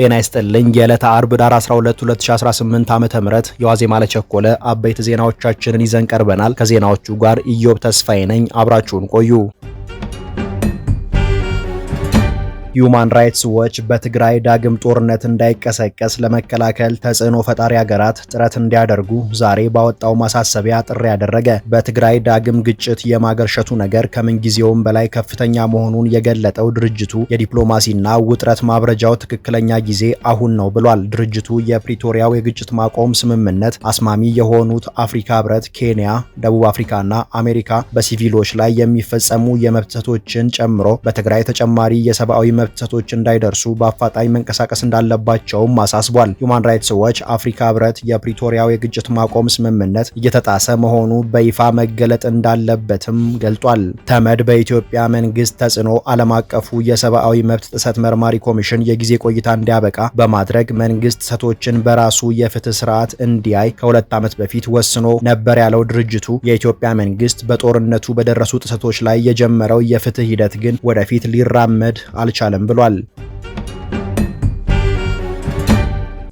ጤና ይስጥልኝ። የዕለተ አርብ ዳር 12 2018 ዓመተ ምህረት የዋዜማ ለቸኮለ አበይት ዜናዎቻችንን ይዘን ቀርበናል። ከዜናዎቹ ጋር ኢዮብ ተስፋዬ ነኝ። አብራችሁን ቆዩ። ሂዩማን ራይትስ ዎች በትግራይ ዳግም ጦርነት እንዳይቀሰቀስ ለመከላከል ተጽዕኖ ፈጣሪ ሀገራት ጥረት እንዲያደርጉ ዛሬ ባወጣው ማሳሰቢያ ጥሪ ያደረገ። በትግራይ ዳግም ግጭት የማገርሸቱ ነገር ከምንጊዜውም በላይ ከፍተኛ መሆኑን የገለጠው ድርጅቱ የዲፕሎማሲና ውጥረት ማብረጃው ትክክለኛ ጊዜ አሁን ነው ብሏል። ድርጅቱ የፕሪቶሪያው የግጭት ማቆም ስምምነት አስማሚ የሆኑት አፍሪካ ህብረት፣ ኬንያ፣ ደቡብ አፍሪካና አሜሪካ በሲቪሎች ላይ የሚፈጸሙ የመብት ጥሰቶችን ጨምሮ በትግራይ ተጨማሪ የሰብአዊ መብት ጥሰቶች እንዳይደርሱ በአፋጣኝ መንቀሳቀስ እንዳለባቸውም አሳስቧል። ሁማን ራይትስ ዎች አፍሪካ ህብረት የፕሪቶሪያው የግጭት ማቆም ስምምነት እየተጣሰ መሆኑ በይፋ መገለጥ እንዳለበትም ገልጧል። ተመድ በኢትዮጵያ መንግስት ተጽዕኖ ዓለም አቀፉ የሰብአዊ መብት ጥሰት መርማሪ ኮሚሽን የጊዜ ቆይታ እንዲያበቃ በማድረግ መንግስት ጥሰቶችን በራሱ የፍትህ ስርዓት እንዲያይ ከሁለት ዓመት በፊት ወስኖ ነበር ያለው ድርጅቱ የኢትዮጵያ መንግስት በጦርነቱ በደረሱ ጥሰቶች ላይ የጀመረው የፍትህ ሂደት ግን ወደፊት ሊራመድ አልቻለም አልቻለም ብሏል።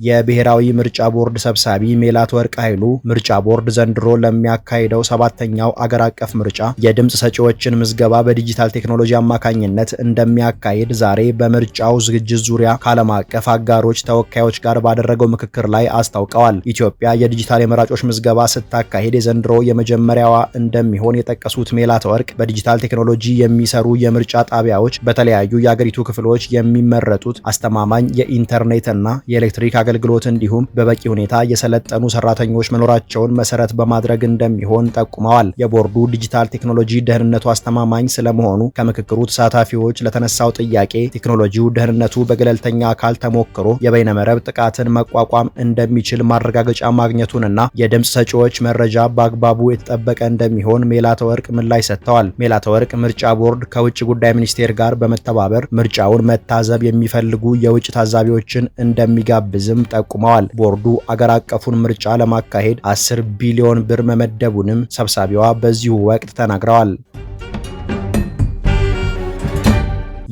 የብሔራዊ ምርጫ ቦርድ ሰብሳቢ ወርቅ ኃይሉ ምርጫ ቦርድ ዘንድሮ ለሚያካሂደው ሰባተኛው አገር አቀፍ ምርጫ የድምፅ ሰጪዎችን ምዝገባ በዲጂታል ቴክኖሎጂ አማካኝነት እንደሚያካሂድ ዛሬ በምርጫው ዝግጅት ዙሪያ ከዓለም አቀፍ አጋሮች ተወካዮች ጋር ባደረገው ምክክር ላይ አስታውቀዋል። ኢትዮጵያ የዲጂታል የመራጮች ምዝገባ ስታካሂድ የዘንድሮ የመጀመሪያዋ እንደሚሆን የጠቀሱት ወርቅ በዲጂታል ቴክኖሎጂ የሚሰሩ የምርጫ ጣቢያዎች በተለያዩ የአገሪቱ ክፍሎች የሚመረጡት አስተማማኝ የኢንተርኔት እና የኤሌክትሪክ አገልግሎት እንዲሁም በበቂ ሁኔታ የሰለጠኑ ሰራተኞች መኖራቸውን መሰረት በማድረግ እንደሚሆን ጠቁመዋል። የቦርዱ ዲጂታል ቴክኖሎጂ ደህንነቱ አስተማማኝ ስለመሆኑ ከምክክሩ ተሳታፊዎች ለተነሳው ጥያቄ ቴክኖሎጂው ደህንነቱ በገለልተኛ አካል ተሞክሮ የበይነመረብ ጥቃትን መቋቋም እንደሚችል ማረጋገጫ ማግኘቱንና የድምፅ ሰጪዎች መረጃ በአግባቡ የተጠበቀ እንደሚሆን ሜላተ ወርቅ ምላሽ ሰጥተዋል። ሜላተ ወርቅ ምርጫ ቦርድ ከውጭ ጉዳይ ሚኒስቴር ጋር በመተባበር ምርጫውን መታዘብ የሚፈልጉ የውጭ ታዛቢዎችን እንደሚጋብዝም መሆኑንም ጠቁመዋል። ቦርዱ አገር አቀፉን ምርጫ ለማካሄድ 10 ቢሊዮን ብር መመደቡንም ሰብሳቢዋ በዚሁ ወቅት ተናግረዋል።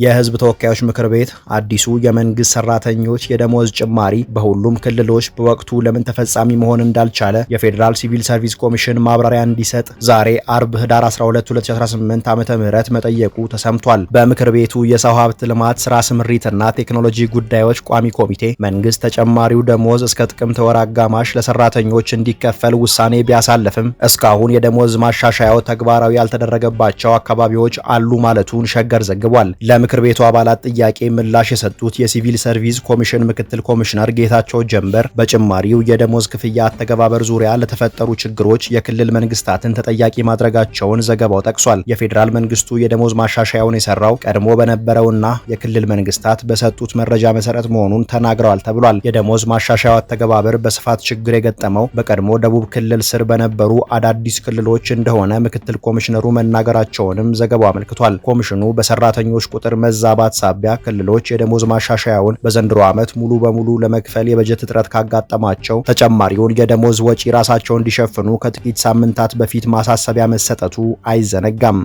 የህዝብ ተወካዮች ምክር ቤት አዲሱ የመንግስት ሰራተኞች የደሞዝ ጭማሪ በሁሉም ክልሎች በወቅቱ ለምን ተፈጻሚ መሆን እንዳልቻለ የፌዴራል ሲቪል ሰርቪስ ኮሚሽን ማብራሪያ እንዲሰጥ ዛሬ አርብ ህዳር 12 2018 ዓ ምህረት መጠየቁ ተሰምቷል። በምክር ቤቱ የሰው ሀብት ልማት ስራ ስምሪትና ቴክኖሎጂ ጉዳዮች ቋሚ ኮሚቴ መንግስት ተጨማሪው ደሞዝ እስከ ጥቅምት ወር አጋማሽ ለሰራተኞች እንዲከፈል ውሳኔ ቢያሳለፍም እስካሁን የደሞዝ ማሻሻያው ተግባራዊ ያልተደረገባቸው አካባቢዎች አሉ ማለቱን ሸገር ዘግቧል። የምክር ቤቱ አባላት ጥያቄ ምላሽ የሰጡት የሲቪል ሰርቪስ ኮሚሽን ምክትል ኮሚሽነር ጌታቸው ጀንበር በጭማሪው የደሞዝ ክፍያ አተገባበር ዙሪያ ለተፈጠሩ ችግሮች የክልል መንግስታትን ተጠያቂ ማድረጋቸውን ዘገባው ጠቅሷል። የፌዴራል መንግስቱ የደሞዝ ማሻሻያውን የሰራው ቀድሞ በነበረውና የክልል መንግስታት በሰጡት መረጃ መሰረት መሆኑን ተናግረዋል ተብሏል። የደሞዝ ማሻሻያው አተገባበር በስፋት ችግር የገጠመው በቀድሞ ደቡብ ክልል ስር በነበሩ አዳዲስ ክልሎች እንደሆነ ምክትል ኮሚሽነሩ መናገራቸውንም ዘገባው አመልክቷል። ኮሚሽኑ በሰራተኞች ቁጥር መዛባት ሳቢያ ክልሎች የደሞዝ ማሻሻያውን በዘንድሮ ዓመት ሙሉ በሙሉ ለመክፈል የበጀት እጥረት ካጋጠማቸው ተጨማሪውን የደሞዝ ወጪ ራሳቸው እንዲሸፍኑ ከጥቂት ሳምንታት በፊት ማሳሰቢያ መሰጠቱ አይዘነጋም።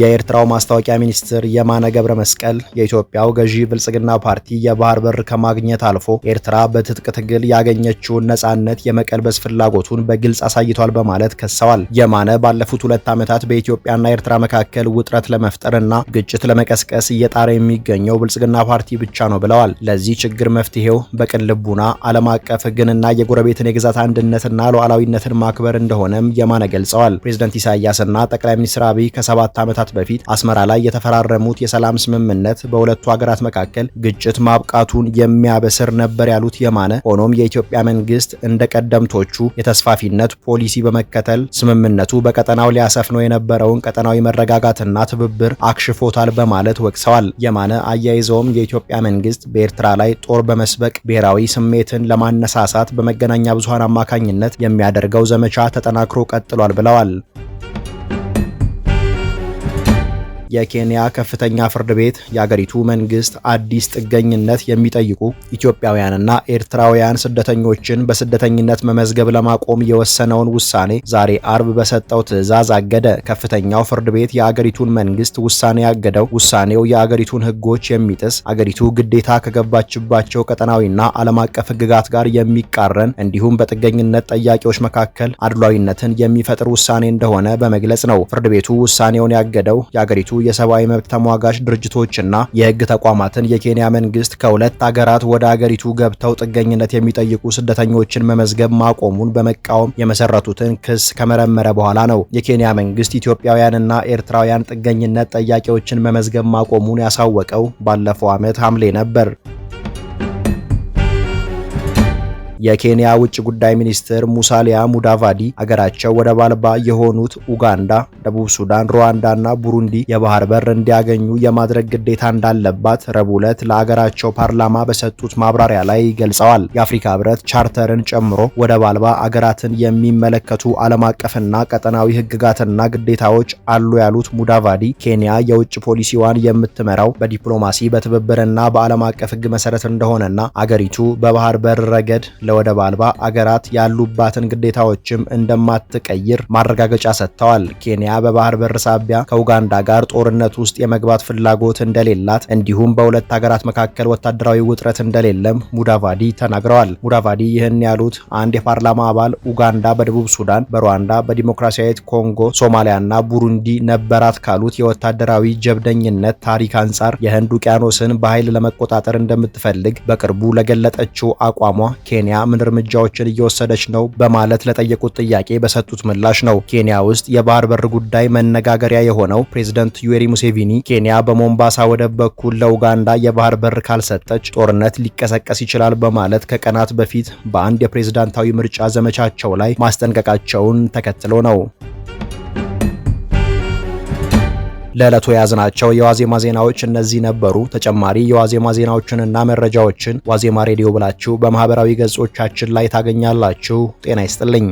የኤርትራው ማስታወቂያ ሚኒስትር የማነ ገብረ መስቀል የኢትዮጵያው ገዢ ብልጽግና ፓርቲ የባህር በር ከማግኘት አልፎ ኤርትራ በትጥቅ ትግል ያገኘችውን ነጻነት የመቀልበስ ፍላጎቱን በግልጽ አሳይቷል በማለት ከሰዋል። የማነ ባለፉት ሁለት ዓመታት በኢትዮጵያና ኤርትራ መካከል ውጥረት ለመፍጠርና ግጭት ለመቀስቀስ እየጣረ የሚገኘው ብልጽግና ፓርቲ ብቻ ነው ብለዋል። ለዚህ ችግር መፍትሄው በቅን ልቡና ዓለም አቀፍ ሕግንና የጎረቤትን የግዛት አንድነትና ሉዓላዊነትን ማክበር እንደሆነም የማነ ገልጸዋል። ፕሬዝደንት ኢሳያስና ጠቅላይ ሚኒስትር አብይ ከሰባት ዓመታት ከወራት በፊት አስመራ ላይ የተፈራረሙት የሰላም ስምምነት በሁለቱ ሀገራት መካከል ግጭት ማብቃቱን የሚያበስር ነበር ያሉት የማነ፣ ሆኖም የኢትዮጵያ መንግስት እንደ ቀደምቶቹ የተስፋፊነት ፖሊሲ በመከተል ስምምነቱ በቀጠናው ሊያሰፍነው የነበረውን ቀጠናዊ መረጋጋትና ትብብር አክሽፎታል በማለት ወቅሰዋል። የማነ አያይዘውም የኢትዮጵያ መንግስት በኤርትራ ላይ ጦር በመስበቅ ብሔራዊ ስሜትን ለማነሳሳት በመገናኛ ብዙሃን አማካኝነት የሚያደርገው ዘመቻ ተጠናክሮ ቀጥሏል ብለዋል። የኬንያ ከፍተኛ ፍርድ ቤት የአገሪቱ መንግስት አዲስ ጥገኝነት የሚጠይቁ ኢትዮጵያውያንና ኤርትራውያን ስደተኞችን በስደተኝነት መመዝገብ ለማቆም የወሰነውን ውሳኔ ዛሬ አርብ በሰጠው ትዕዛዝ አገደ። ከፍተኛው ፍርድ ቤት የአገሪቱን መንግስት ውሳኔ ያገደው ውሳኔው የአገሪቱን ህጎች የሚጥስ አገሪቱ ግዴታ ከገባችባቸው ቀጠናዊና ዓለም አቀፍ ህግጋት ጋር የሚቃረን እንዲሁም በጥገኝነት ጠያቂዎች መካከል አድሏዊነትን የሚፈጥር ውሳኔ እንደሆነ በመግለጽ ነው። ፍርድ ቤቱ ውሳኔውን ያገደው የአገሪቱ የሰብአዊ መብት ተሟጋች ድርጅቶችና የህግ ተቋማትን የኬንያ መንግስት ከሁለት አገራት ወደ አገሪቱ ገብተው ጥገኝነት የሚጠይቁ ስደተኞችን መመዝገብ ማቆሙን በመቃወም የመሰረቱትን ክስ ከመረመረ በኋላ ነው የኬንያ መንግስት ኢትዮጵያውያንና ኤርትራውያን ጥገኝነት ጠያቂዎችን መመዝገብ ማቆሙን ያሳወቀው ባለፈው ዓመት ሐምሌ ነበር። የኬንያ ውጭ ጉዳይ ሚኒስትር ሙሳሊያ ሙዳቫዲ አገራቸው ወደብ አልባ የሆኑት ኡጋንዳ፣ ደቡብ ሱዳን፣ ሩዋንዳና ቡሩንዲ የባህር በር እንዲያገኙ የማድረግ ግዴታ እንዳለባት ረቡዕ ዕለት ለአገራቸው ፓርላማ በሰጡት ማብራሪያ ላይ ገልጸዋል። የአፍሪካ ህብረት ቻርተርን ጨምሮ ወደብ አልባ አገራትን የሚመለከቱ ዓለም አቀፍና ቀጠናዊ ህግጋትና ግዴታዎች አሉ ያሉት ሙዳቫዲ ኬንያ የውጭ ፖሊሲዋን የምትመራው በዲፕሎማሲ በትብብርና በዓለም አቀፍ ህግ መሰረት እንደሆነና አገሪቱ በባህር በር ረገድ ለወደብ አልባ አገራት ያሉባትን ግዴታዎችም እንደማትቀይር ማረጋገጫ ሰጥተዋል። ኬንያ በባህር በር ሳቢያ ከኡጋንዳ ጋር ጦርነት ውስጥ የመግባት ፍላጎት እንደሌላት እንዲሁም በሁለት ሀገራት መካከል ወታደራዊ ውጥረት እንደሌለም ሙዳቫዲ ተናግረዋል። ሙዳቫዲ ይህን ያሉት አንድ የፓርላማ አባል ኡጋንዳ በደቡብ ሱዳን፣ በሩዋንዳ፣ በዲሞክራሲያዊት ኮንጎ፣ ሶማሊያና ቡሩንዲ ነበራት ካሉት የወታደራዊ ጀብደኝነት ታሪክ አንጻር የህንድ ውቅያኖስን በኃይል ለመቆጣጠር እንደምትፈልግ በቅርቡ ለገለጠችው አቋሟ ኬንያ ኬንያ ምን እርምጃዎችን እየወሰደች ነው በማለት ለጠየቁት ጥያቄ በሰጡት ምላሽ ነው። ኬንያ ውስጥ የባህር በር ጉዳይ መነጋገሪያ የሆነው ፕሬዝደንት ዩዌሪ ሙሴቪኒ ኬንያ በሞምባሳ ወደብ በኩል ለኡጋንዳ የባህር በር ካልሰጠች ጦርነት ሊቀሰቀስ ይችላል በማለት ከቀናት በፊት በአንድ የፕሬዝዳንታዊ ምርጫ ዘመቻቸው ላይ ማስጠንቀቃቸውን ተከትሎ ነው። ለዕለቱ የያዝናቸው የዋዜማ ዜናዎች እነዚህ ነበሩ። ተጨማሪ የዋዜማ ዜናዎችንና መረጃዎችን ዋዜማ ሬዲዮ ብላችሁ በማህበራዊ ገጾቻችን ላይ ታገኛላችሁ። ጤና ይስጥልኝ።